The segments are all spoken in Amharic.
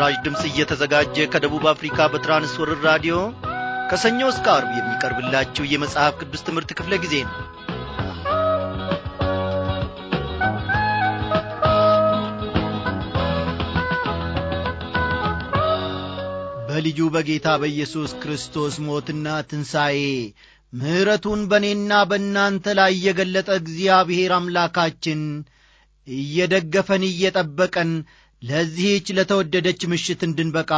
ለምስራች ድምፅ እየተዘጋጀ ከደቡብ አፍሪካ በትራንስወርር ራዲዮ ከሰኞ እስከ አርብ የሚቀርብላችሁ የመጽሐፍ ቅዱስ ትምህርት ክፍለ ጊዜ ነው በልጁ በጌታ በኢየሱስ ክርስቶስ ሞትና ትንሣኤ ምሕረቱን በእኔና በእናንተ ላይ የገለጠ እግዚአብሔር አምላካችን እየደገፈን እየጠበቀን ለዚህች ለተወደደች ምሽት እንድንበቃ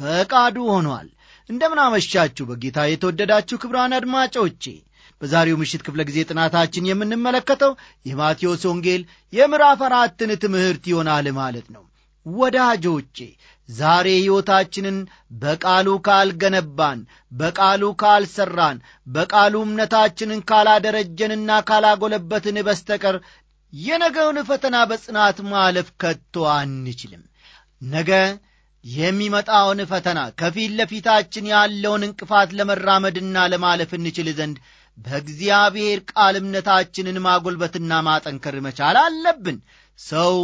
ፈቃዱ ሆኗል። እንደምናመሻችሁ በጌታ የተወደዳችሁ ክብራን አድማጮቼ በዛሬው ምሽት ክፍለ ጊዜ ጥናታችን የምንመለከተው የማቴዎስ ወንጌል የምዕራፍ አራትን ትምህርት ይሆናል ማለት ነው። ወዳጆቼ ዛሬ ሕይወታችንን በቃሉ ካልገነባን፣ በቃሉ ካልሠራን፣ በቃሉ እምነታችንን ካላደረጀንና ካላጎለበትን በስተቀር የነገውን ፈተና በጽናት ማለፍ ከቶ አንችልም። ነገ የሚመጣውን ፈተና ከፊት ለፊታችን ያለውን እንቅፋት ለመራመድና ለማለፍ እንችል ዘንድ በእግዚአብሔር ቃል እምነታችንን ማጎልበትና ማጠንከር መቻል አለብን። ሰው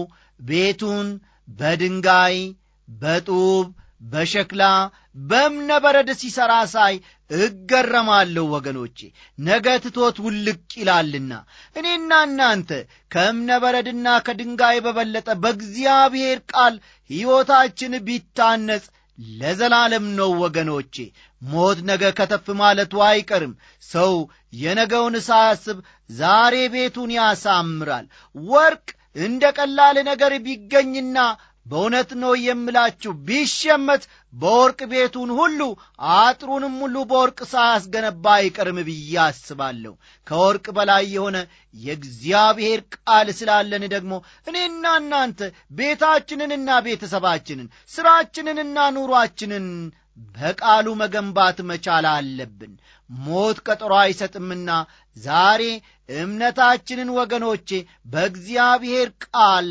ቤቱን በድንጋይ፣ በጡብ፣ በሸክላ፣ በእብነ በረድ ሲሠራ ሳይ እገረማለሁ ወገኖቼ፣ ነገ ትቶት ውልቅ ይላልና። እኔና እናንተ በረድና ከድንጋይ በበለጠ በእግዚአብሔር ቃል ሕይወታችን ቢታነጽ ለዘላለም ነው ወገኖቼ። ሞት ነገ ከተፍ ማለቱ አይቀርም። ሰው የነገውን ሳያስብ ዛሬ ቤቱን ያሳምራል። ወርቅ እንደ ቀላል ነገር ቢገኝና በእውነት ነው የምላችሁ ቢሸመት በወርቅ ቤቱን ሁሉ አጥሩንም ሁሉ በወርቅ ሳያስገነባ አይቀርም ብዬ አስባለሁ። ከወርቅ በላይ የሆነ የእግዚአብሔር ቃል ስላለን ደግሞ እኔና እናንተ ቤታችንንና ቤተሰባችንን ሥራችንንና ኑሯችንን በቃሉ መገንባት መቻል አለብን። ሞት ቀጠሮ አይሰጥምና ዛሬ እምነታችንን ወገኖቼ በእግዚአብሔር ቃል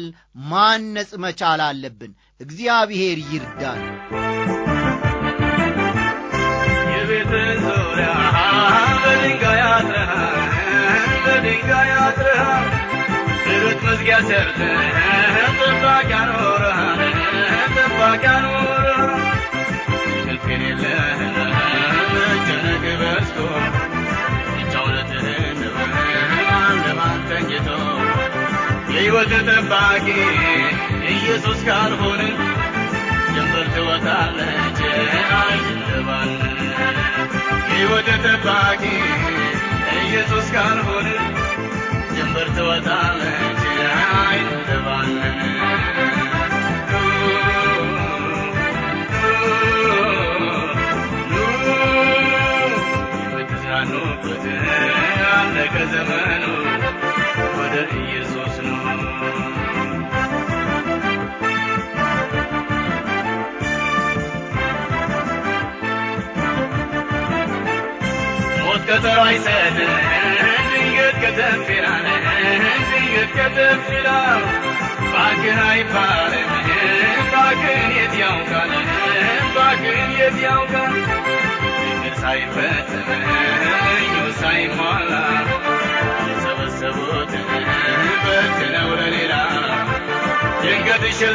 ማነጽ መቻል አለብን። እግዚአብሔር ይርዳል። ዙሪያ በድንጋይ በድንጋይ መዝጊያ ሕይወት ጠባቂ ኢየሱስ ካልሆነ ጀንበር ትወጣለች አይደባል ሕይወት ጠባቂ ኢየሱስ ካልሆነ ጀንበር ትወጣለች አይደባል ኑበት አለቀ ዘመኑ ወደ ኢየሱስ ከጠጠሩ አይሰድ ድንገት ከተፍ ይላል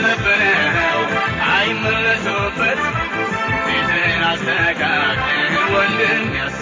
ነበረ አይመለሱበት ቤትህን አስተካክል ወንድም ያስ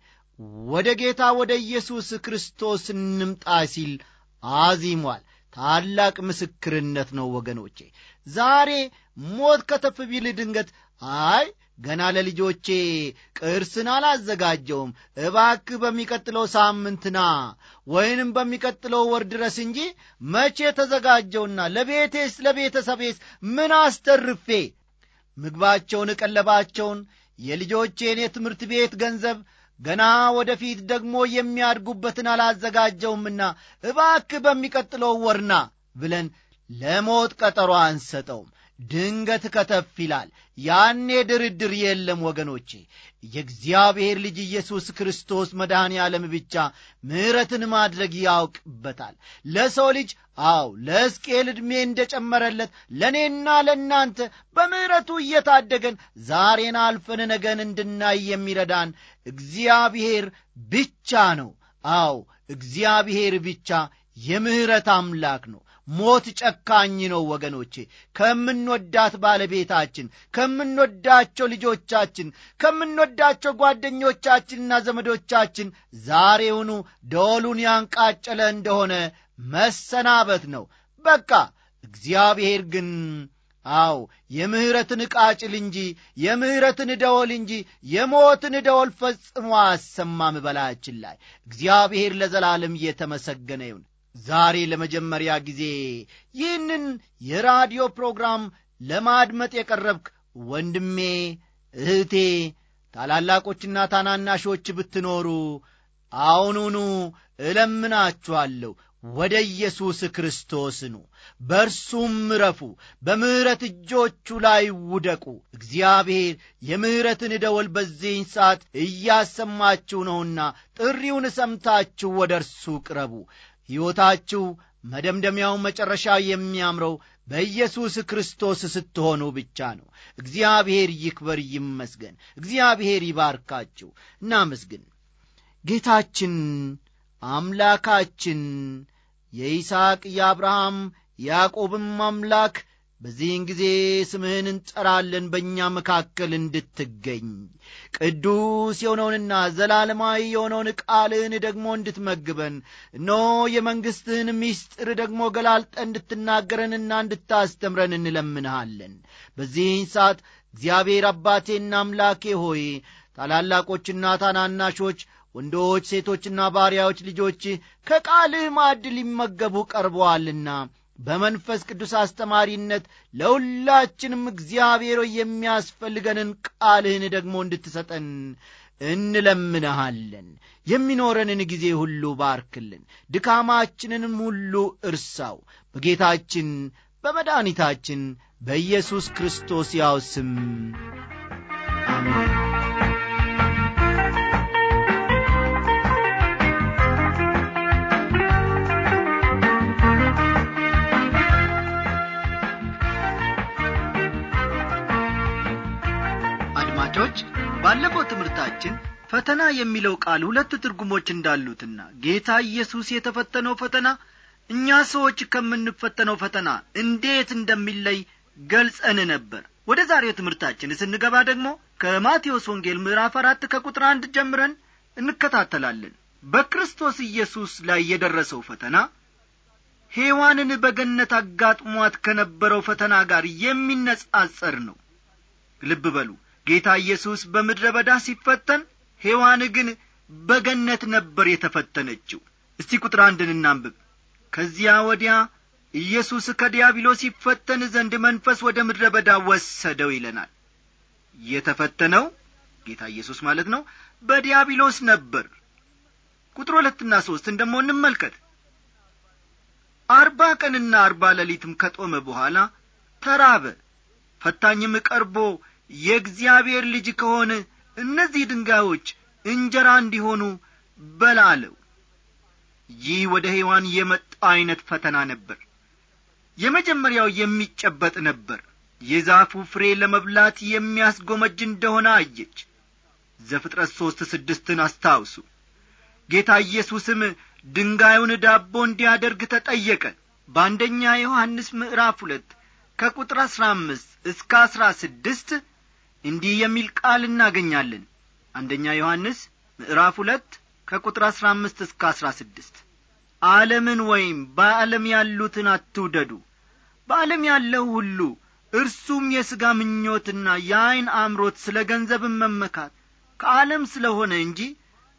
ወደ ጌታ ወደ ኢየሱስ ክርስቶስ እንምጣ ሲል አዚሟል። ታላቅ ምስክርነት ነው ወገኖቼ። ዛሬ ሞት ከተፍ ቢል ድንገት አይ ገና ለልጆቼ ቅርስን አላዘጋጀውም እባክህ በሚቀጥለው ሳምንትና ወይንም በሚቀጥለው ወር ድረስ እንጂ መቼ ተዘጋጀውና ለቤቴስ ለቤተሰቤስ ምን አስተርፌ ምግባቸውን፣ ቀለባቸውን፣ የልጆቼን የትምህርት ቤት ገንዘብ ገና ወደፊት ደግሞ የሚያድጉበትን አላዘጋጀውምና እባክ በሚቀጥለው ወርና ብለን ለሞት ቀጠሮ አንሰጠውም ድንገት ከተፍ ይላል። ያኔ ድርድር የለም ወገኖቼ። የእግዚአብሔር ልጅ ኢየሱስ ክርስቶስ መድኃኔ ዓለም ብቻ ምሕረትን ማድረግ ያውቅበታል። ለሰው ልጅ አው ለሕዝቅኤል ዕድሜ እንደጨመረለት ለእኔና ለእናንተ በምሕረቱ እየታደገን ዛሬን አልፈን ነገን እንድናይ የሚረዳን እግዚአብሔር ብቻ ነው። አው እግዚአብሔር ብቻ የምሕረት አምላክ ነው። ሞት ጨካኝ ነው ወገኖቼ። ከምንወዳት ባለቤታችን፣ ከምንወዳቸው ልጆቻችን፣ ከምንወዳቸው ጓደኞቻችንና ዘመዶቻችን ዛሬውኑ ደወሉን ያንቃጨለ እንደሆነ መሰናበት ነው። በቃ እግዚአብሔር ግን አው የምሕረትን ቃጭል እንጂ የምሕረትን ደወል እንጂ የሞትን ደወል ፈጽሞ አሰማም በላያችን ላይ። እግዚአብሔር ለዘላለም እየተመሰገነ ይሁን። ዛሬ ለመጀመሪያ ጊዜ ይህንን የራዲዮ ፕሮግራም ለማድመጥ የቀረብክ ወንድሜ፣ እህቴ፣ ታላላቆችና ታናናሾች ብትኖሩ አሁኑኑ እለምናችኋለሁ ወደ ኢየሱስ ክርስቶስ ኑ፣ በእርሱም ምረፉ በምሕረት እጆቹ ላይ ውደቁ። እግዚአብሔር የምሕረትን ደወል በዚህን ሰዓት እያሰማችሁ ነውና ጥሪውን ሰምታችሁ ወደ እርሱ ቅረቡ። ሕይወታችሁ መደምደሚያውን መጨረሻ የሚያምረው በኢየሱስ ክርስቶስ ስትሆኑ ብቻ ነው። እግዚአብሔር ይክበር ይመስገን። እግዚአብሔር ይባርካችሁ። እናመስግን። ጌታችን አምላካችን የይስሐቅ የአብርሃም ያዕቆብም አምላክ በዚህን ጊዜ ስምህን እንጠራለን በእኛ መካከል እንድትገኝ ቅዱስ የሆነውንና ዘላለማዊ የሆነውን ቃልህን ደግሞ እንድትመግበን እኖ የመንግሥትህን ምስጢር ደግሞ ገላልጠ እንድትናገረንና እንድታስተምረን እንለምንሃለን። በዚህን ሰዓት እግዚአብሔር አባቴና አምላኬ ሆይ ታላላቆችና ታናናሾች ወንዶች፣ ሴቶችና ባሪያዎች ልጆች ከቃልህ ማዕድ ሊመገቡ ቀርበዋልና በመንፈስ ቅዱስ አስተማሪነት ለሁላችንም እግዚአብሔር የሚያስፈልገንን ቃልህን ደግሞ እንድትሰጠን እንለምንሃለን። የሚኖረንን ጊዜ ሁሉ ባርክልን፣ ድካማችንንም ሁሉ እርሳው። በጌታችን በመድኒታችን በኢየሱስ ክርስቶስ ያው ስም ባለፈው ትምህርታችን ፈተና የሚለው ቃል ሁለት ትርጉሞች እንዳሉትና ጌታ ኢየሱስ የተፈተነው ፈተና እኛ ሰዎች ከምንፈተነው ፈተና እንዴት እንደሚለይ ገልጸን ነበር ወደ ዛሬው ትምህርታችን ስንገባ ደግሞ ከማቴዎስ ወንጌል ምዕራፍ አራት ከቁጥር አንድ ጀምረን እንከታተላለን በክርስቶስ ኢየሱስ ላይ የደረሰው ፈተና ሔዋንን በገነት አጋጥሟት ከነበረው ፈተና ጋር የሚነጻጸር ነው ልብ በሉ ጌታ ኢየሱስ በምድረ በዳ ሲፈተን ሔዋን ግን በገነት ነበር የተፈተነችው እስቲ ቁጥር አንድን እናንብብ ከዚያ ወዲያ ኢየሱስ ከዲያብሎስ ይፈተን ዘንድ መንፈስ ወደ ምድረ በዳ ወሰደው ይለናል የተፈተነው ጌታ ኢየሱስ ማለት ነው በዲያብሎስ ነበር ቁጥር ሁለትና ሦስትን ደሞ እንመልከት አርባ ቀንና አርባ ሌሊትም ከጦመ በኋላ ተራበ ፈታኝም ቀርቦ የእግዚአብሔር ልጅ ከሆነ እነዚህ ድንጋዮች እንጀራ እንዲሆኑ በላለው ይህ ወደ ሔዋን የመጣ ዐይነት ፈተና ነበር የመጀመሪያው የሚጨበጥ ነበር የዛፉ ፍሬ ለመብላት የሚያስጎመጅ እንደሆነ አየች ዘፍጥረት ሦስት ስድስትን አስታውሱ ጌታ ኢየሱስም ድንጋዩን ዳቦ እንዲያደርግ ተጠየቀ በአንደኛ ዮሐንስ ምዕራፍ ሁለት ከቁጥር አሥራ አምስት እስከ አሥራ ስድስት እንዲህ የሚል ቃል እናገኛለን አንደኛ ዮሐንስ ምዕራፍ ሁለት ከቁጥር አሥራ አምስት እስከ አሥራ ስድስት ዓለምን ወይም በዓለም ያሉትን አትውደዱ በዓለም ያለው ሁሉ እርሱም የሥጋ ምኞትና የዐይን አምሮት ስለ ገንዘብን መመካት ከዓለም ስለ ሆነ እንጂ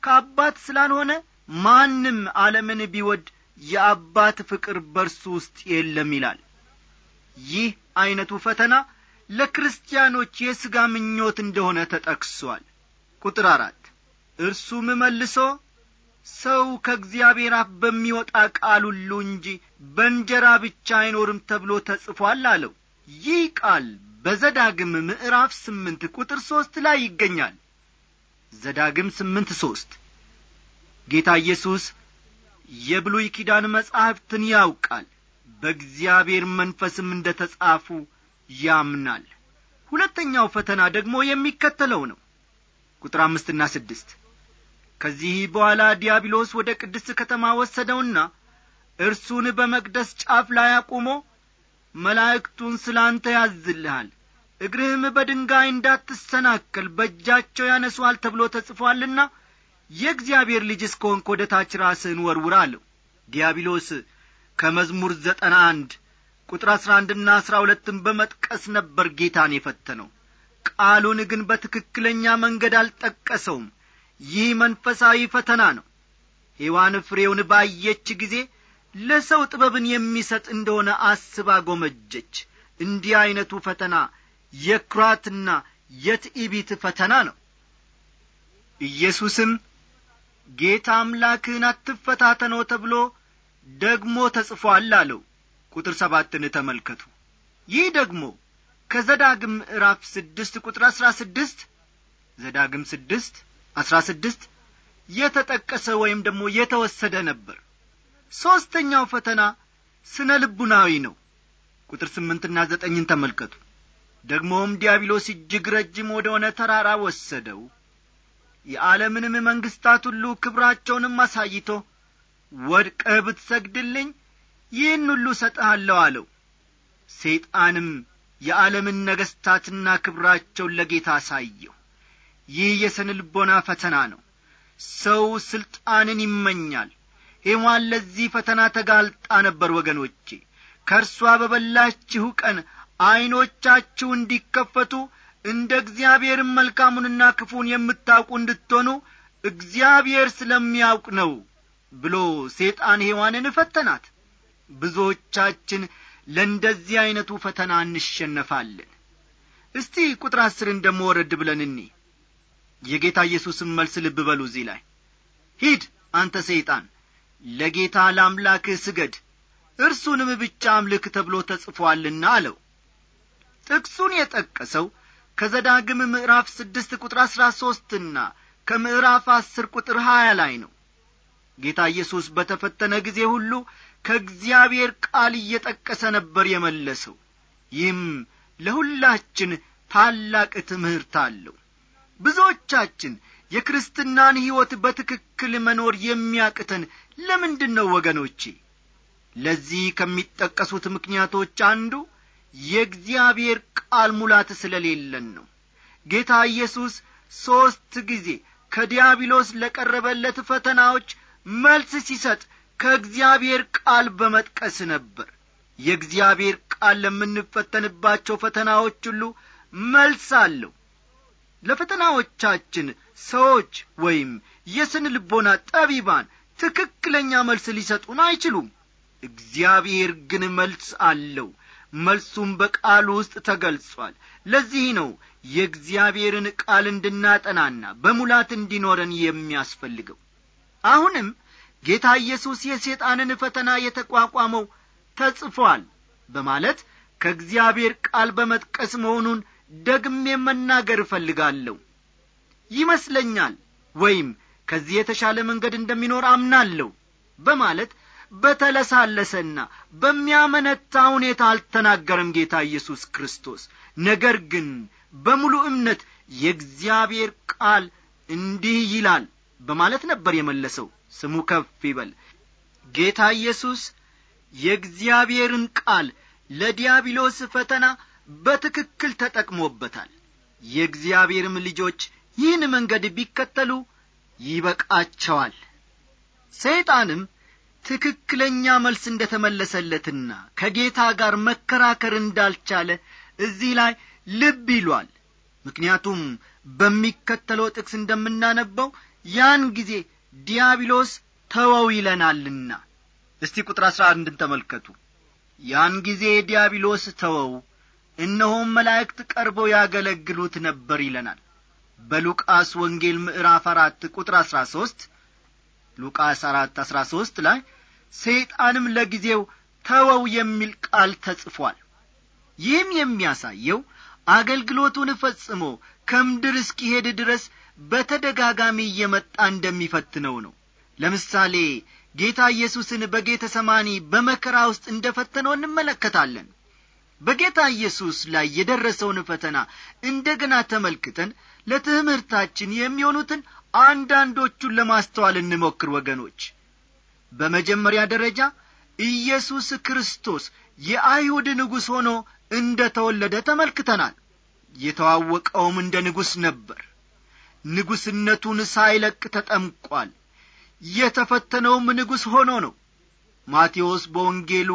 ከአባት ስላልሆነ ማንም ዓለምን ቢወድ የአባት ፍቅር በርሱ ውስጥ የለም ይላል ይህ ዐይነቱ ፈተና ለክርስቲያኖች የሥጋ ምኞት እንደሆነ ተጠቅሷል ቁጥር አራት እርሱም መልሶ ሰው ከእግዚአብሔር አፍ በሚወጣ ቃል ሁሉ እንጂ በእንጀራ ብቻ አይኖርም ተብሎ ተጽፏል አለው ይህ ቃል በዘዳግም ምዕራፍ ስምንት ቁጥር ሦስት ላይ ይገኛል ዘዳግም ስምንት ሦስት ጌታ ኢየሱስ የብሉይ ኪዳን መጻሕፍትን ያውቃል በእግዚአብሔር መንፈስም እንደ ተጻፉ ያምናል ሁለተኛው ፈተና ደግሞ የሚከተለው ነው ቁጥር አምስትና ስድስት ከዚህ በኋላ ዲያብሎስ ወደ ቅድስት ከተማ ወሰደውና እርሱን በመቅደስ ጫፍ ላይ አቁሞ መላእክቱን ስላንተ ያዝልሃል እግርህም በድንጋይ እንዳትሰናከል በእጃቸው ያነሷል ተብሎ ተጽፏልና የእግዚአብሔር ልጅ እስከሆንክ ወደ ታች ራስህን ወርውር አለው ዲያብሎስ ከመዝሙር ዘጠና አንድ ቁጥር አሥራ አንድና አሥራ ሁለትን በመጥቀስ ነበር ጌታን የፈተነው ቃሉን ግን በትክክለኛ መንገድ አልጠቀሰውም ይህ መንፈሳዊ ፈተና ነው ሔዋን ፍሬውን ባየች ጊዜ ለሰው ጥበብን የሚሰጥ እንደሆነ አስባ ጐመጀች እንዲህ ዐይነቱ ፈተና የኵራትና የትዕቢት ፈተና ነው ኢየሱስም ጌታ አምላክህን አትፈታተነው ተብሎ ደግሞ ተጽፏል አለው ቁጥር ሰባትን ተመልከቱ ይህ ደግሞ ከዘዳግም ምዕራፍ ስድስት ቁጥር አሥራ ስድስት ዘዳግም ስድስት አሥራ ስድስት የተጠቀሰ ወይም ደግሞ የተወሰደ ነበር ሦስተኛው ፈተና ስነ ልቡናዊ ነው ቁጥር ስምንትና ዘጠኝን ተመልከቱ ደግሞም ዲያብሎስ እጅግ ረጅም ወደ ሆነ ተራራ ወሰደው የዓለምንም መንግሥታት ሁሉ ክብራቸውንም አሳይቶ ወድቀ ብትሰግድልኝ ይህን ሁሉ እሰጥሃለሁ አለው ሰይጣንም የዓለምን ነገሥታትና ክብራቸውን ለጌታ አሳየው ይህ የሰንልቦና ፈተና ነው ሰው ሥልጣንን ይመኛል ሔዋን ለዚህ ፈተና ተጋልጣ ነበር ወገኖቼ ከእርሷ በበላችሁ ቀን ዐይኖቻችሁ እንዲከፈቱ እንደ እግዚአብሔርን መልካሙንና ክፉን የምታውቁ እንድትሆኑ እግዚአብሔር ስለሚያውቅ ነው ብሎ ሴጣን ሔዋንን እፈተናት ብዙዎቻችን ለእንደዚህ ዐይነቱ ፈተና እንሸነፋለን እስቲ ቁጥር አስርን ደሞ ወረድ ብለን እኒ የጌታ ኢየሱስን መልስ ልብ በሉ እዚህ ላይ ሂድ አንተ ሰይጣን ለጌታ ለአምላክህ ስገድ እርሱንም ብቻ አምልክ ተብሎ ተጽፎአልና አለው ጥቅሱን የጠቀሰው ከዘዳግም ምዕራፍ ስድስት ቁጥር አሥራ ሦስትና ከምዕራፍ አስር ቁጥር ሀያ ላይ ነው ጌታ ኢየሱስ በተፈተነ ጊዜ ሁሉ ከእግዚአብሔር ቃል እየጠቀሰ ነበር የመለሰው ይህም ለሁላችን ታላቅ ትምህርት አለው ብዙዎቻችን የክርስትናን ሕይወት በትክክል መኖር የሚያቅተን ለምንድን ነው ወገኖቼ ለዚህ ከሚጠቀሱት ምክንያቶች አንዱ የእግዚአብሔር ቃል ሙላት ስለሌለን ነው ጌታ ኢየሱስ ሦስት ጊዜ ከዲያብሎስ ለቀረበለት ፈተናዎች መልስ ሲሰጥ ከእግዚአብሔር ቃል በመጥቀስ ነበር የእግዚአብሔር ቃል ለምንፈተንባቸው ፈተናዎች ሁሉ መልስ አለው ለፈተናዎቻችን ሰዎች ወይም የስን ልቦና ጠቢባን ትክክለኛ መልስ ሊሰጡን አይችሉም እግዚአብሔር ግን መልስ አለው መልሱም በቃሉ ውስጥ ተገልጿል ለዚህ ነው የእግዚአብሔርን ቃል እንድናጠናና በሙላት እንዲኖረን የሚያስፈልገው አሁንም ጌታ ኢየሱስ የሰይጣንን ፈተና የተቋቋመው ተጽፏል በማለት ከእግዚአብሔር ቃል በመጥቀስ መሆኑን ደግሜ መናገር እፈልጋለሁ ይመስለኛል ወይም ከዚህ የተሻለ መንገድ እንደሚኖር አምናለሁ በማለት በተለሳለሰና በሚያመነታ ሁኔታ አልተናገረም ጌታ ኢየሱስ ክርስቶስ ነገር ግን በሙሉ እምነት የእግዚአብሔር ቃል እንዲህ ይላል በማለት ነበር የመለሰው ስሙ ከፍ ይበል ጌታ ኢየሱስ የእግዚአብሔርን ቃል ለዲያብሎስ ፈተና በትክክል ተጠቅሞበታል የእግዚአብሔርም ልጆች ይህን መንገድ ቢከተሉ ይበቃቸዋል ሰይጣንም ትክክለኛ መልስ እንደ ተመለሰለትና ከጌታ ጋር መከራከር እንዳልቻለ እዚህ ላይ ልብ ይሏል ምክንያቱም በሚከተለው ጥቅስ እንደምናነበው ያን ጊዜ ዲያብሎስ ተወው ይለናልና እስቲ ቁጥር አሥራ አንድን ተመልከቱ ያን ጊዜ ዲያብሎስ ተወው እነሆም መላእክት ቀርበው ያገለግሉት ነበር ይለናል በሉቃስ ወንጌል ምዕራፍ አራት ቁጥር አሥራ ሦስት ሉቃስ አራት አሥራ ሦስት ላይ ሰይጣንም ለጊዜው ተወው የሚል ቃል ተጽፏል ይህም የሚያሳየው አገልግሎቱን ፈጽሞ ከምድር እስኪሄድ ድረስ በተደጋጋሚ እየመጣ እንደሚፈትነው ነው ለምሳሌ ጌታ ኢየሱስን በጌተ ሰማኒ በመከራ ውስጥ እንደ ፈተነው እንመለከታለን በጌታ ኢየሱስ ላይ የደረሰውን ፈተና እንደገና ተመልክተን ለትምህርታችን የሚሆኑትን አንዳንዶቹን ለማስተዋል እንሞክር ወገኖች በመጀመሪያ ደረጃ ኢየሱስ ክርስቶስ የአይሁድ ንጉሥ ሆኖ እንደ ተወለደ ተመልክተናል የተዋወቀውም እንደ ንጉሥ ነበር ንጉሥነቱን ሳይለቅ ተጠምቋል። የተፈተነውም ንጉሥ ሆኖ ነው። ማቴዎስ በወንጌሉ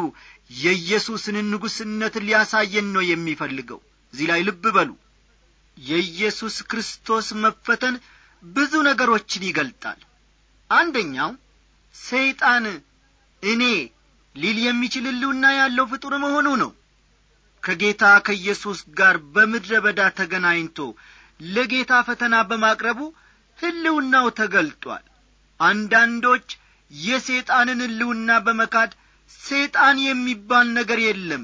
የኢየሱስን ንጉሥነት ሊያሳየን ነው የሚፈልገው። እዚህ ላይ ልብ በሉ። የኢየሱስ ክርስቶስ መፈተን ብዙ ነገሮችን ይገልጣል። አንደኛው ሰይጣን እኔ ሊል የሚችል ሕልውና ያለው ፍጡር መሆኑ ነው። ከጌታ ከኢየሱስ ጋር በምድረ በዳ ተገናኝቶ ለጌታ ፈተና በማቅረቡ ሕልውናው ተገልጧል አንዳንዶች የሰይጣንን ሕልውና በመካድ ሰይጣን የሚባል ነገር የለም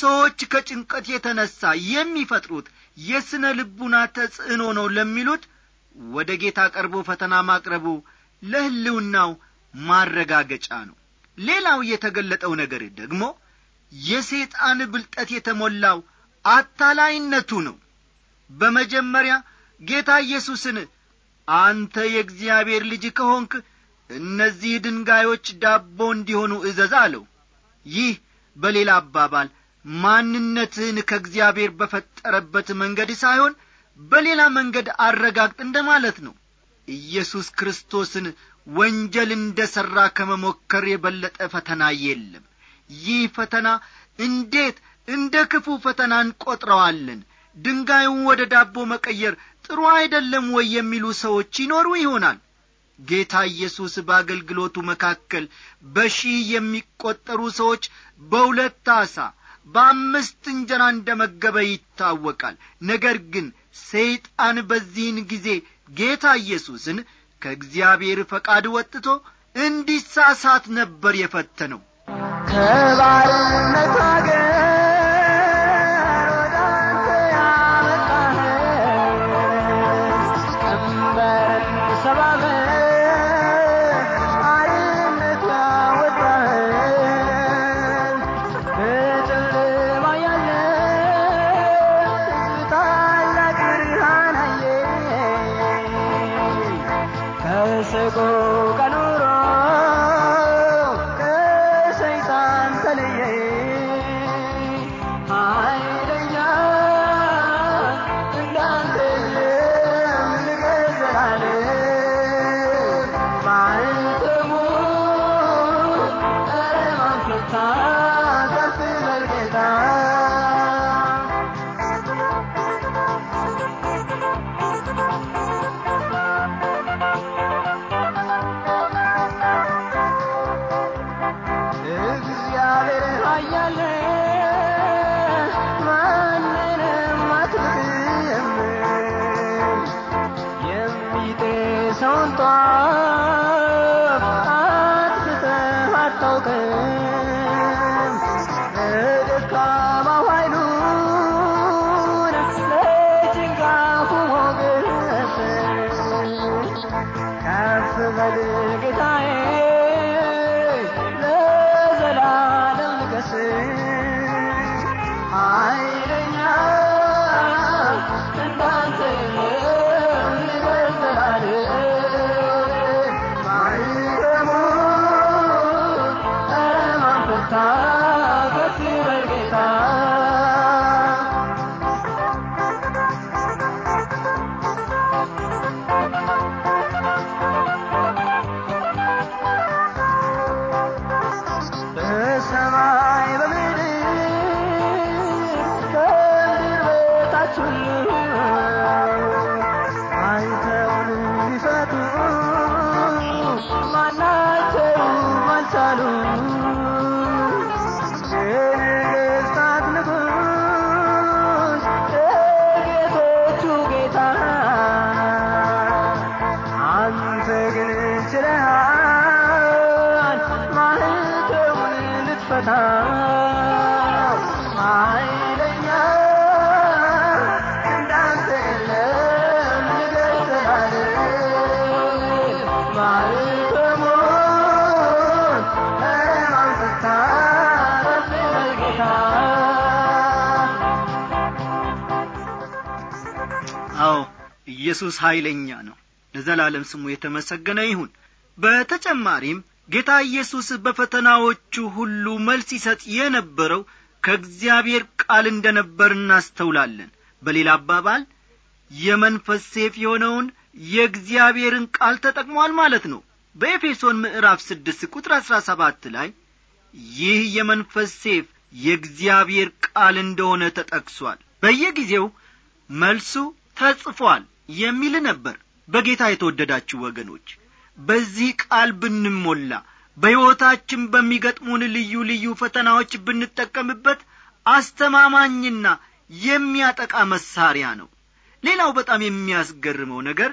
ሰዎች ከጭንቀት የተነሣ የሚፈጥሩት የሥነ ልቡና ተጽዕኖ ነው ለሚሉት ወደ ጌታ ቀርቦ ፈተና ማቅረቡ ለሕልውናው ማረጋገጫ ነው ሌላው የተገለጠው ነገር ደግሞ የሰይጣን ብልጠት የተሞላው አታላይነቱ ነው በመጀመሪያ ጌታ ኢየሱስን አንተ የእግዚአብሔር ልጅ ከሆንክ እነዚህ ድንጋዮች ዳቦ እንዲሆኑ እዘዝ አለው ይህ በሌላ አባባል ማንነትህን ከእግዚአብሔር በፈጠረበት መንገድ ሳይሆን በሌላ መንገድ አረጋግጥ እንደ ማለት ነው ኢየሱስ ክርስቶስን ወንጀል እንደ ሠራ ከመሞከር የበለጠ ፈተና የለም ይህ ፈተና እንዴት እንደ ክፉ ፈተና እንቈጥረዋለን ድንጋዩን ወደ ዳቦ መቀየር ጥሩ አይደለም ወይ የሚሉ ሰዎች ይኖሩ ይሆናል ጌታ ኢየሱስ በአገልግሎቱ መካከል በሺህ የሚቈጠሩ ሰዎች በሁለት አሳ በአምስት እንጀራ እንደ መገበ ይታወቃል ነገር ግን ሰይጣን በዚህን ጊዜ ጌታ ኢየሱስን ከእግዚአብሔር ፈቃድ ወጥቶ እንዲሳሳት ነበር የፈተነው ከባርነት አገር ኢየሱስ ኃይለኛ ነው ለዘላለም ስሙ የተመሰገነ ይሁን በተጨማሪም ጌታ ኢየሱስ በፈተናዎቹ ሁሉ መልስ ይሰጥ የነበረው ከእግዚአብሔር ቃል እንደ ነበር እናስተውላለን በሌላ አባባል የመንፈስ ሴፍ የሆነውን የእግዚአብሔርን ቃል ተጠቅሟል ማለት ነው በኤፌሶን ምዕራፍ ስድስት ቁጥር አሥራ ሰባት ላይ ይህ የመንፈስ ሴፍ የእግዚአብሔር ቃል እንደሆነ ተጠቅሷል በየጊዜው መልሱ ተጽፏል የሚል ነበር በጌታ የተወደዳችሁ ወገኖች በዚህ ቃል ብንሞላ በሕይወታችን በሚገጥሙን ልዩ ልዩ ፈተናዎች ብንጠቀምበት አስተማማኝና የሚያጠቃ መሳሪያ ነው ሌላው በጣም የሚያስገርመው ነገር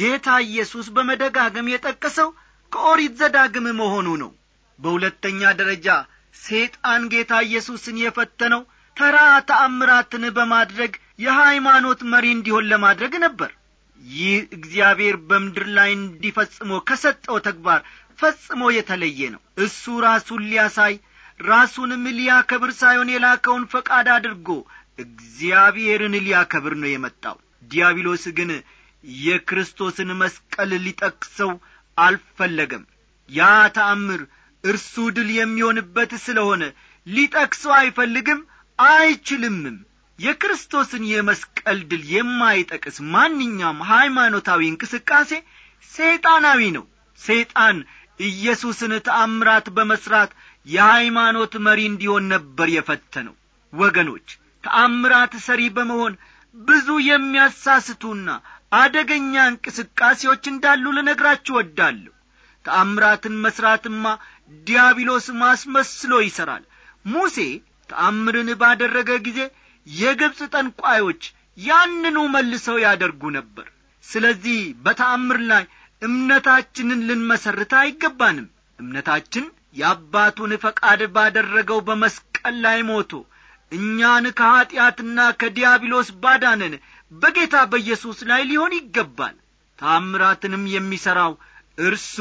ጌታ ኢየሱስ በመደጋገም የጠቀሰው ከኦሪት ዘዳግም መሆኑ ነው በሁለተኛ ደረጃ ሰይጣን ጌታ ኢየሱስን የፈተነው ተራ ተአምራትን በማድረግ የሃይማኖት መሪ እንዲሆን ለማድረግ ነበር ይህ እግዚአብሔር በምድር ላይ እንዲፈጽሞ ከሰጠው ተግባር ፈጽሞ የተለየ ነው እሱ ራሱን ሊያሳይ ራሱንም ሊያከብር ሳይሆን የላከውን ፈቃድ አድርጎ እግዚአብሔርን ሊያከብር ነው የመጣው ዲያብሎስ ግን የክርስቶስን መስቀል ሊጠቅሰው አልፈለገም ያ ተአምር እርሱ ድል የሚሆንበት ስለሆነ ሊጠቅሰው አይፈልግም አይችልምም የክርስቶስን የመስቀል ድል የማይጠቅስ ማንኛውም ሃይማኖታዊ እንቅስቃሴ ሰይጣናዊ ነው ሰይጣን ኢየሱስን ተአምራት በመሥራት የሃይማኖት መሪ እንዲሆን ነበር የፈተነው ወገኖች ተአምራት ሰሪ በመሆን ብዙ የሚያሳስቱና አደገኛ እንቅስቃሴዎች እንዳሉ ልነግራችሁ ወዳለሁ ተአምራትን መሥራትማ ዲያብሎስ ማስመስሎ ይሠራል ሙሴ ተአምርን ባደረገ ጊዜ የግብፅ ጠንቋዮች ያንኑ መልሰው ያደርጉ ነበር ስለዚህ በተአምር ላይ እምነታችንን ልንመሰርት አይገባንም እምነታችን የአባቱን ፈቃድ ባደረገው በመስቀል ላይ ሞቶ እኛን ከኀጢአትና ከዲያብሎስ ባዳነን በጌታ በኢየሱስ ላይ ሊሆን ይገባል ታምራትንም የሚሠራው እርሱ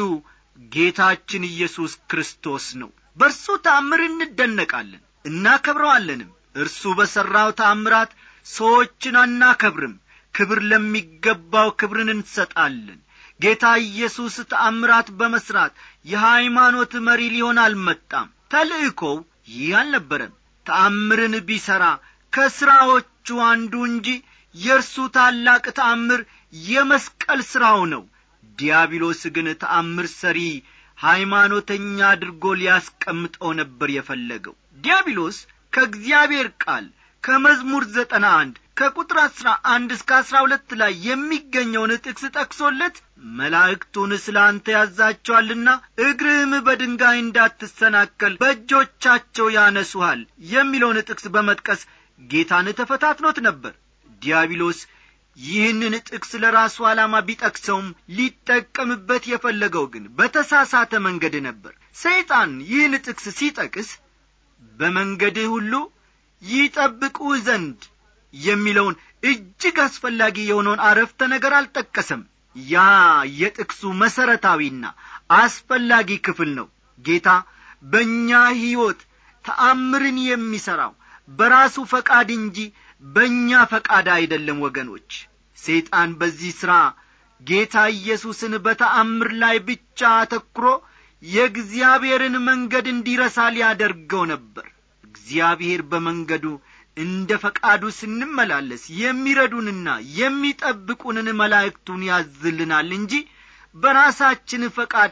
ጌታችን ኢየሱስ ክርስቶስ ነው በእርሱ ታምር እንደነቃለን እናከብረዋለንም እርሱ በሠራው ታምራት ሰዎችን አናከብርም ክብር ለሚገባው ክብርን እንሰጣለን ጌታ ኢየሱስ ተአምራት በመሥራት የሃይማኖት መሪ ሊሆን አልመጣም ተልእኮው ይህ አልነበረም ተአምርን ቢሠራ ከሥራዎቹ አንዱ እንጂ የእርሱ ታላቅ ተአምር የመስቀል ሥራው ነው ዲያብሎስ ግን ተአምር ሰሪ ሃይማኖተኛ አድርጎ ሊያስቀምጠው ነበር የፈለገው ዲያብሎስ ከእግዚአብሔር ቃል ከመዝሙር ዘጠና አንድ ከቁጥር አሥራ አንድ እስከ አሥራ ሁለት ላይ የሚገኘውን ጥቅስ ጠቅሶለት መላእክቱን ስለ አንተ ያዛቸዋልና እግርህም በድንጋይ እንዳትሰናከል በእጆቻቸው ያነሱሃል የሚለውን ጥቅስ በመጥቀስ ጌታን ተፈታትኖት ነበር ዲያብሎስ ይህንን ጥቅስ ለራሱ ዓላማ ቢጠቅሰውም ሊጠቀምበት የፈለገው ግን በተሳሳተ መንገድ ነበር ሰይጣን ይህን ጥቅስ ሲጠቅስ በመንገድህ ሁሉ ይጠብቁ ዘንድ የሚለውን እጅግ አስፈላጊ የሆነውን አረፍተ ነገር አልጠቀሰም ያ የጥቅሱ መሠረታዊና አስፈላጊ ክፍል ነው ጌታ በእኛ ሕይወት ተአምርን የሚሠራው በራሱ ፈቃድ እንጂ በእኛ ፈቃድ አይደለም ወገኖች ሰይጣን በዚህ ሥራ ጌታ ኢየሱስን በተአምር ላይ ብቻ አተኩሮ የእግዚአብሔርን መንገድ እንዲረሳ ሊያደርገው ነበር እግዚአብሔር በመንገዱ እንደ ፈቃዱ ስንመላለስ የሚረዱንና የሚጠብቁንን መላእክቱን ያዝልናል እንጂ በራሳችን ፈቃድ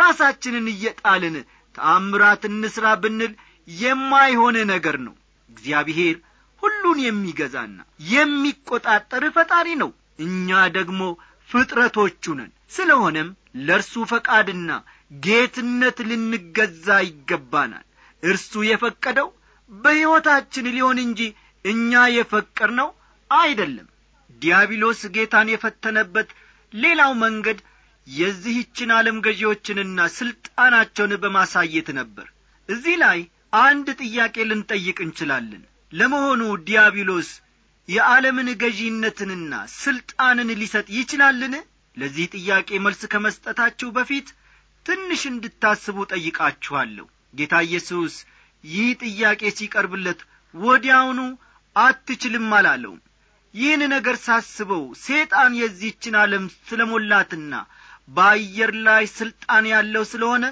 ራሳችንን እየጣልን ተአምራት እንሥራ ብንል የማይሆነ ነገር ነው እግዚአብሔር ሁሉን የሚገዛና የሚቆጣጠር ፈጣሪ ነው እኛ ደግሞ ፍጥረቶቹ ነን ስለሆነም ለእርሱ ፈቃድና ጌትነት ልንገዛ ይገባናል እርሱ የፈቀደው በሕይወታችን ሊሆን እንጂ እኛ ነው አይደለም ዲያብሎስ ጌታን የፈተነበት ሌላው መንገድ የዚህችን ዓለም ገዢዎችንና ሥልጣናቸውን በማሳየት ነበር እዚህ ላይ አንድ ጥያቄ ልንጠይቅ እንችላለን ለመሆኑ ዲያብሎስ የዓለምን ገዢነትንና ሥልጣንን ሊሰጥ ይችላልን ለዚህ ጥያቄ መልስ ከመስጠታችሁ በፊት ትንሽ እንድታስቡ ጠይቃችኋለሁ ጌታ ኢየሱስ ይህ ጥያቄ ሲቀርብለት ወዲያውኑ አትችልም አላለውም ይህን ነገር ሳስበው ሴጣን የዚህችን ዓለም ስለ ሞላትና በአየር ላይ ሥልጣን ያለው ስለሆነ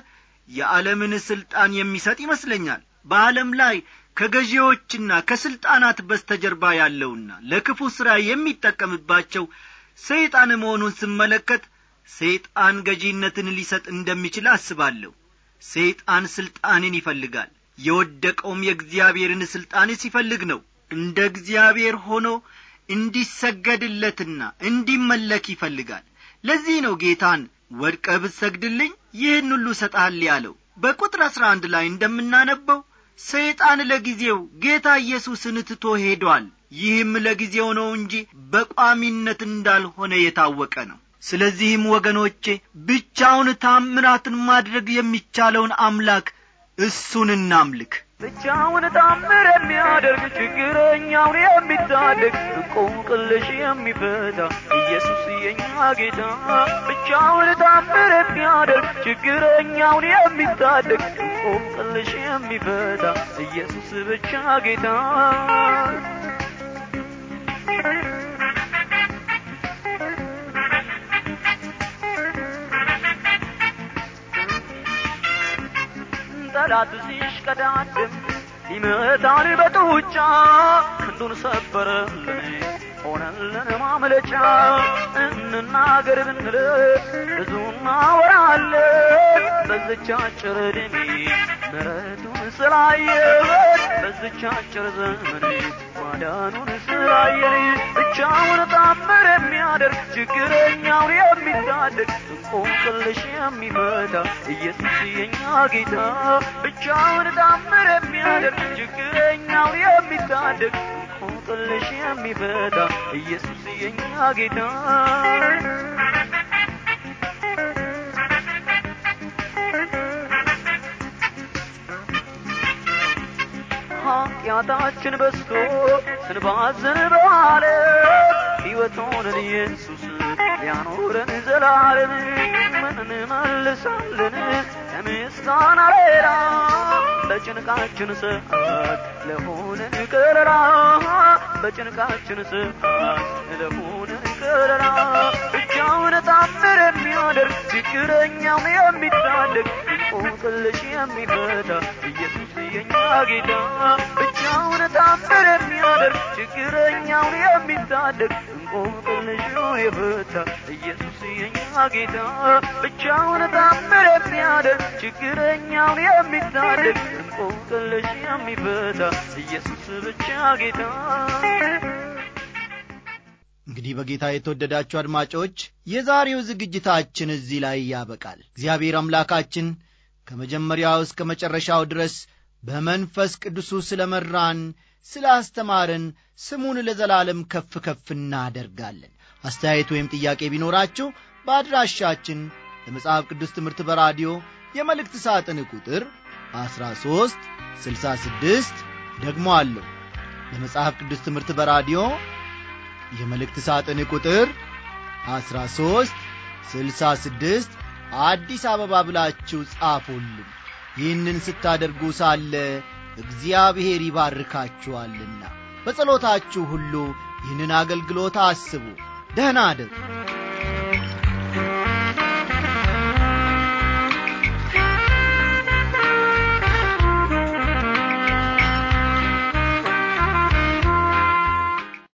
የዓለምን ሥልጣን የሚሰጥ ይመስለኛል በዓለም ላይ ከገዢዎችና ከሥልጣናት በስተጀርባ ያለውና ለክፉ ሥራ የሚጠቀምባቸው ሰይጣን መሆኑን ስመለከት ሰይጣን ገዢነትን ሊሰጥ እንደሚችል አስባለሁ ሰይጣን ሥልጣንን ይፈልጋል የወደቀውም የእግዚአብሔርን ሥልጣን ሲፈልግ ነው እንደ እግዚአብሔር ሆኖ እንዲሰገድለትና እንዲመለክ ይፈልጋል ለዚህ ነው ጌታን ወድቀ ብትሰግድልኝ ይህን ሁሉ ሰጣል ያለው በቁጥር አሥራ አንድ ላይ እንደምናነበው ሰይጣን ለጊዜው ጌታ ኢየሱስን ትቶ ሄዷል ይህም ለጊዜው ነው እንጂ በቋሚነት እንዳልሆነ የታወቀ ነው ስለዚህም ወገኖቼ ብቻውን ታምራትን ማድረግ የሚቻለውን አምላክ እሱን እናምልክ ብቻውን ታምር የሚያደርግ ችግረኛውን የሚታደግ ጥቁም ቅልሽ የሚፈታ ኢየሱስ የኛ ጌታ ብቻውን ታምር የሚያደርግ ችግረኛውን የሚታደግ ጥቁም የሚፈታ ኢየሱስ ብቻ ጌታ ጠላቱ ሲሽቀዳድም ሊመታን በጡጫ ክንዱን ሰበረ ሆነልን ማምለጫ እንናገር ብንል ብዙ እናወራለን በዝቻ አጭር ዕድሜ ምሕረቱን ስላየን በዝቻ አጭር ዘመን ማዳኑን ስላየን ብቻውን ታምር የሚያደርግ ችግረኛውን የሚታደግ እንቆቅልሽ የሚፈታ ኢየሱስ የኛ ጌታ ብቻውን ታምር የሚያደርግ ችግረኛው የሚታደግ እንቆቅልሽ የሚፈታ ኢየሱስ የኛ ጌታ ኃጢአታችን በዝቶ ስንባዝን በዓለም ሕይወቱን ኢየሱስ ያኖረን ዘላለም እንመልሳለን ከምስጋና ሌላ በጭንቃችን ሰዓት ለሆነን ከለላ በጭንቃችን ሰዓት ለሆነን ከለላ ብቻውን ታምር የሚያደርግ ችግረኛም የሚታደግ ቁስልሽ የሚፈታ ኢየሱስ የኛ ጌታ ብቻውን ታምር የሚያደርግ ችግረኛውን የሚታደግ ያዕቆብ ኢየሱስ የኛ ጌታ ብቻውን ታምር የሚያደርግ የሚታደግ የሚፈታ ኢየሱስ ብቻ ጌታ እንግዲህ በጌታ የተወደዳችሁ አድማጮች የዛሬው ዝግጅታችን እዚህ ላይ ያበቃል እግዚአብሔር አምላካችን ከመጀመሪያው እስከ መጨረሻው ድረስ በመንፈስ ቅዱሱ ስለ መራን ስለ አስተማርን ስሙን ለዘላለም ከፍ ከፍ እናደርጋለን። አስተያየት ወይም ጥያቄ ቢኖራችሁ በአድራሻችን ለመጽሐፍ ቅዱስ ትምህርት በራዲዮ የመልእክት ሳጥን ቁጥር 13 66 ደግሞ አለው ለመጽሐፍ ቅዱስ ትምህርት በራዲዮ የመልእክት ሳጥን ቁጥር 13 66 አዲስ አበባ ብላችሁ ጻፉልን። ይህንን ስታደርጉ ሳለ እግዚአብሔር ይባርካችኋልና በጸሎታችሁ ሁሉ ይህንን አገልግሎት አስቡ። ደህና አደሩ።